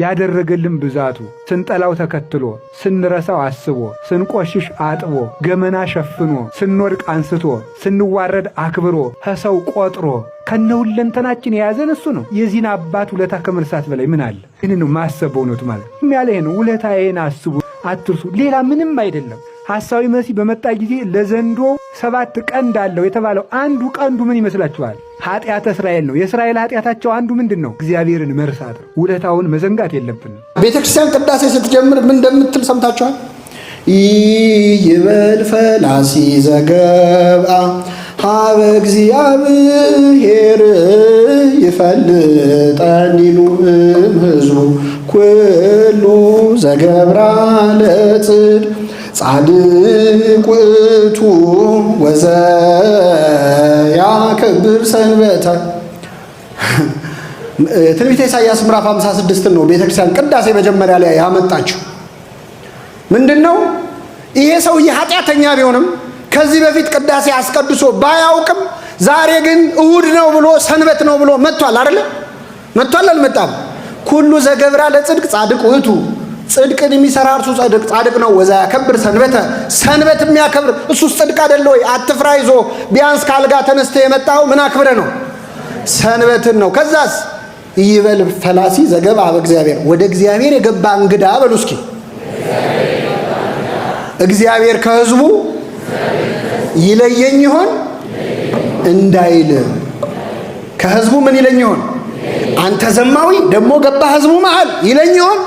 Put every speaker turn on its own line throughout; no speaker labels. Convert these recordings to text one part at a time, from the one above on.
ያደረገልን ብዛቱ ስንጠላው ተከትሎ ስንረሳው አስቦ ስንቆሽሽ አጥቦ ገመና ሸፍኖ ስንወድቅ አንስቶ ስንዋረድ አክብሮ ከሰው ቆጥሮ ከነሁለንተናችን የያዘን እሱ ነው። የዚህን አባት ውለታ ከመርሳት በላይ ምን አለ? ይህን ነው ማሰብ በእውነቱ ማለት ያለ ውለታዬን አስቡ አትርሱ። ሌላ ምንም አይደለም። ሐሳዊ መሲህ በመጣ ጊዜ ለዘንዶ ሰባት ቀንድ አለው የተባለው አንዱ ቀንዱ ምን ይመስላችኋል? ኃጢአተ እስራኤል ነው። የእስራኤል ኃጢአታቸው አንዱ ምንድን ነው? እግዚአብሔርን መርሳት ውለታውን መዘንጋት የለብንም።
ቤተ ክርስቲያን ቅዳሴ ስትጀምር ምን እንደምትል ሰምታችኋል? ይበል ፈላሲ ዘገብአ ሀበ እግዚአብሔር ይፈልጠን ይሉ ህዝቡ ኩሉ ዘገብራ ለጽድ ጻድቅ ውእቱ ወዘያከብር ሰንበተ። ትንቢተ ኢሳያስ ምዕራፍ 56 ነው ቤተክርስቲያን ቅዳሴ መጀመሪያ ላይ ያመጣችው። ምንድን ነው ይሄ ሰውዬ ኃጢአተኛ ቢሆንም ከዚህ በፊት ቅዳሴ አስቀድሶ ባያውቅም ዛሬ ግን እሁድ ነው ብሎ ሰንበት ነው ብሎ መጥቷል። አይደለ? መጥቷል አልመጣም? ኩሉ ዘገብራ ለጽድቅ ጻድቅ ውእቱ ጽድቅን የሚሰራ እርሱ ጻድቅ ጻድቅ ነው። ወዛ ያከብር ሰንበተ ሰንበት የሚያከብር እሱስ ጽድቅ አይደለ ወይ? አትፍራ ይዞ ቢያንስ ካልጋ ተነስተ የመጣው ምን አክብረ ነው? ሰንበትን ነው። ከዛስ ይበል ፈላሲ ዘገባ በእግዚአብሔር ወደ እግዚአብሔር የገባ እንግዳ በሉ እስኪ እግዚአብሔር ከህዝቡ ይለየኝ ይሆን እንዳይል ከህዝቡ ምን ይለኝ ይሆን? አንተ ዘማዊ ደግሞ ገባ ህዝቡ መሃል ይለኝ ይሆን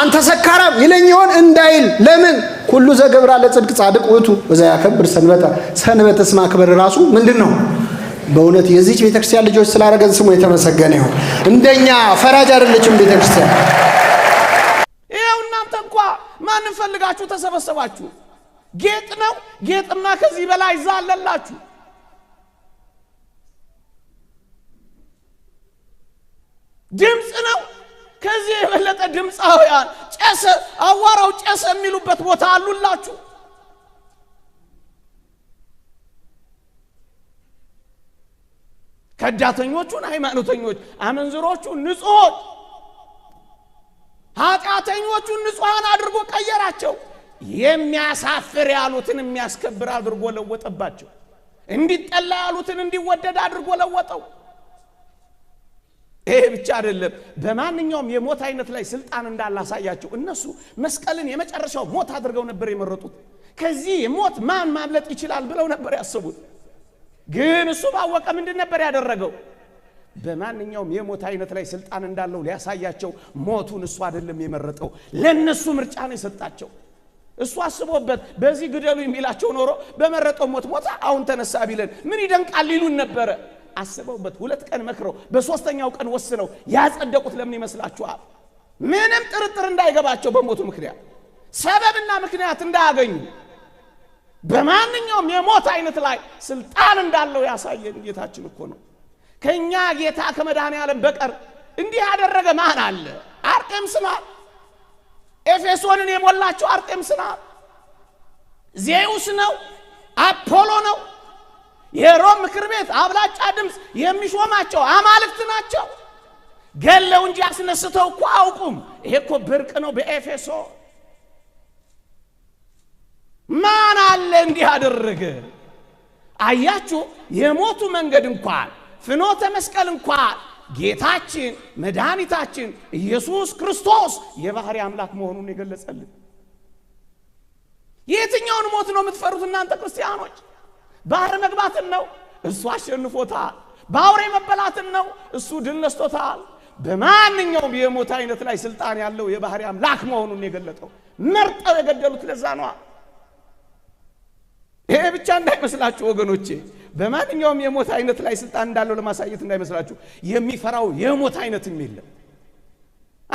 አንተ ሰካራም ይለኝ ይሆን እንዳይል ለምን ሁሉ ዘገብራ ለጽድቅ ጻድቅ ውእቱ ወዛ ያከብር ሰንበታ ስማ ክብር ራሱ ምንድን ነው በእውነት የዚች ቤተክርስቲያን ልጆች ስላደረገን ስሙ የተመሰገነ ይሁን እንደኛ ፈራጅ አይደለችም ቤተክርስቲያን ይኸው እናንተ እንኳ ማንን ፈልጋችሁ ተሰበሰባችሁ ጌጥ ነው ጌጥና ከዚህ በላይ እዛ አለላችሁ ድምፅ ድምፃውያን ጨሰ፣ አዋራው ጨሰ የሚሉበት ቦታ አሉላችሁ። ከዳተኞቹን ሃይማኖተኞች፣ አመንዝሮቹ ንጹሆች ኃጢአተኞቹን ንጹሐን አድርጎ ቀየራቸው። የሚያሳፍር ያሉትን የሚያስከብር አድርጎ ለወጠባቸው። እንዲጠላ ያሉትን እንዲወደድ አድርጎ ለወጠው። ይሄ ብቻ አይደለም። በማንኛውም የሞት አይነት ላይ ስልጣን እንዳላሳያቸው እነሱ መስቀልን የመጨረሻው ሞት አድርገው ነበር የመረጡት። ከዚህ ሞት ማን ማምለጥ ይችላል ብለው ነበር ያስቡት። ግን እሱ ባወቀ ምንድን ነበር ያደረገው? በማንኛውም የሞት አይነት ላይ ስልጣን እንዳለው ሊያሳያቸው ሞቱን እሱ አይደለም የመረጠው፣ ለእነሱ ምርጫ ነው የሰጣቸው። እሱ አስቦበት በዚህ ግደሉ የሚላቸው ኖሮ በመረጠው ሞት ሞታ አሁን ተነሳ ቢለን ምን ይደንቃል ሊሉን ነበረ። አስበውበት ሁለት ቀን መክረው በሶስተኛው ቀን ወስነው ያጸደቁት ለምን ይመስላችኋል? ምንም ጥርጥር እንዳይገባቸው በሞቱ ምክንያት ሰበብና ምክንያት እንዳያገኙ በማንኛውም የሞት አይነት ላይ ስልጣን እንዳለው ያሳየን ጌታችን እኮ ነው። ከእኛ ጌታ ከመድኃኔ ዓለም በቀር እንዲህ ያደረገ ማን አለ? አርጤምስ ናት። ኤፌሶንን የሞላቸው አርጤምስ ዜውስ ነው። አፖሎ ነው። የሮም ምክር ቤት አብላጫ ድምፅ የሚሾማቸው አማልክት ናቸው። ገለው እንጂ አስነስተው እኮ አውቁም። ይሄ እኮ ብርቅ ነው። በኤፌሶ ማን አለ እንዲህ አደረገ? አያችሁ፣ የሞቱ መንገድ እንኳን ፍኖተ መስቀል እንኳን ጌታችን መድኃኒታችን ኢየሱስ ክርስቶስ የባህሪ አምላክ መሆኑን የገለጸልን። የትኛውን ሞት ነው የምትፈሩት እናንተ ክርስቲያኖች? ባህር መግባትን ነው፣ እሱ አሸንፎታል። በአውሬ መበላትን ነው፣ እሱ ድል ነስቶታል። በማንኛውም የሞት አይነት ላይ ስልጣን ያለው የባህሪ አምላክ መሆኑን የገለጠው መርጠው የገደሉት ለዛ ነዋ። ይሄ ብቻ እንዳይመስላችሁ ወገኖቼ፣ በማንኛውም የሞት አይነት ላይ ስልጣን እንዳለው ለማሳየት እንዳይመስላችሁ። የሚፈራው የሞት አይነትም የለም።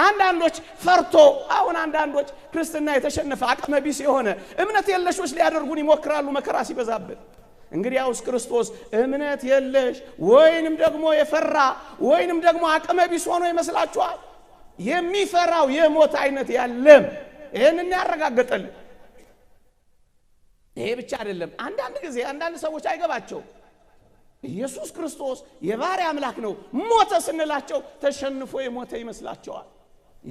አንዳንዶች ፈርቶ አሁን አንዳንዶች ክርስትና የተሸነፈ አቅመቢስ የሆነ እምነት የለሾች ሊያደርጉን ይሞክራሉ መከራ ሲበዛብን እንግዲያውስ ክርስቶስ እምነት የለሽ ወይንም ደግሞ የፈራ ወይንም ደግሞ አቅመ ቢስ ሆኖ ይመስላችኋል? የሚፈራው የሞት አይነት ያለም ይህንን ያረጋገጠልን። ይሄ ብቻ አይደለም። አንዳንድ ጊዜ አንዳንድ ሰዎች አይገባቸው ኢየሱስ ክርስቶስ የባሪያ አምላክ ነው ሞተ ስንላቸው ተሸንፎ የሞተ ይመስላቸዋል።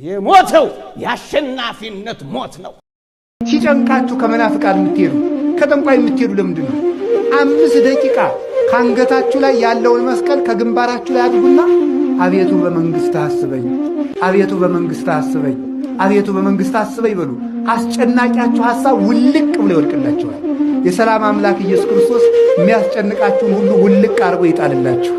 የሞተው የአሸናፊነት ሞት ነው። ሲጨንቃችሁ ከመናፍቃን የምትሄዱ ከጠንቋይ የምትሄዱ ለምንድን ነው? ለአምስት ደቂቃ ከአንገታችሁ ላይ ያለውን መስቀል ከግንባራችሁ ላይ አድርጉና አቤቱ በመንግሥት አስበኝ፣ አቤቱ በመንግሥት አስበኝ፣ አቤቱ በመንግሥት አስበኝ በሉ። አስጨናቂያችሁ ሐሳብ ውልቅ ብሎ ይወድቅላችኋል። የሰላም አምላክ ኢየሱስ ክርስቶስ የሚያስጨንቃችሁን ሁሉ ውልቅ አድርጎ ይጣልላችሁ።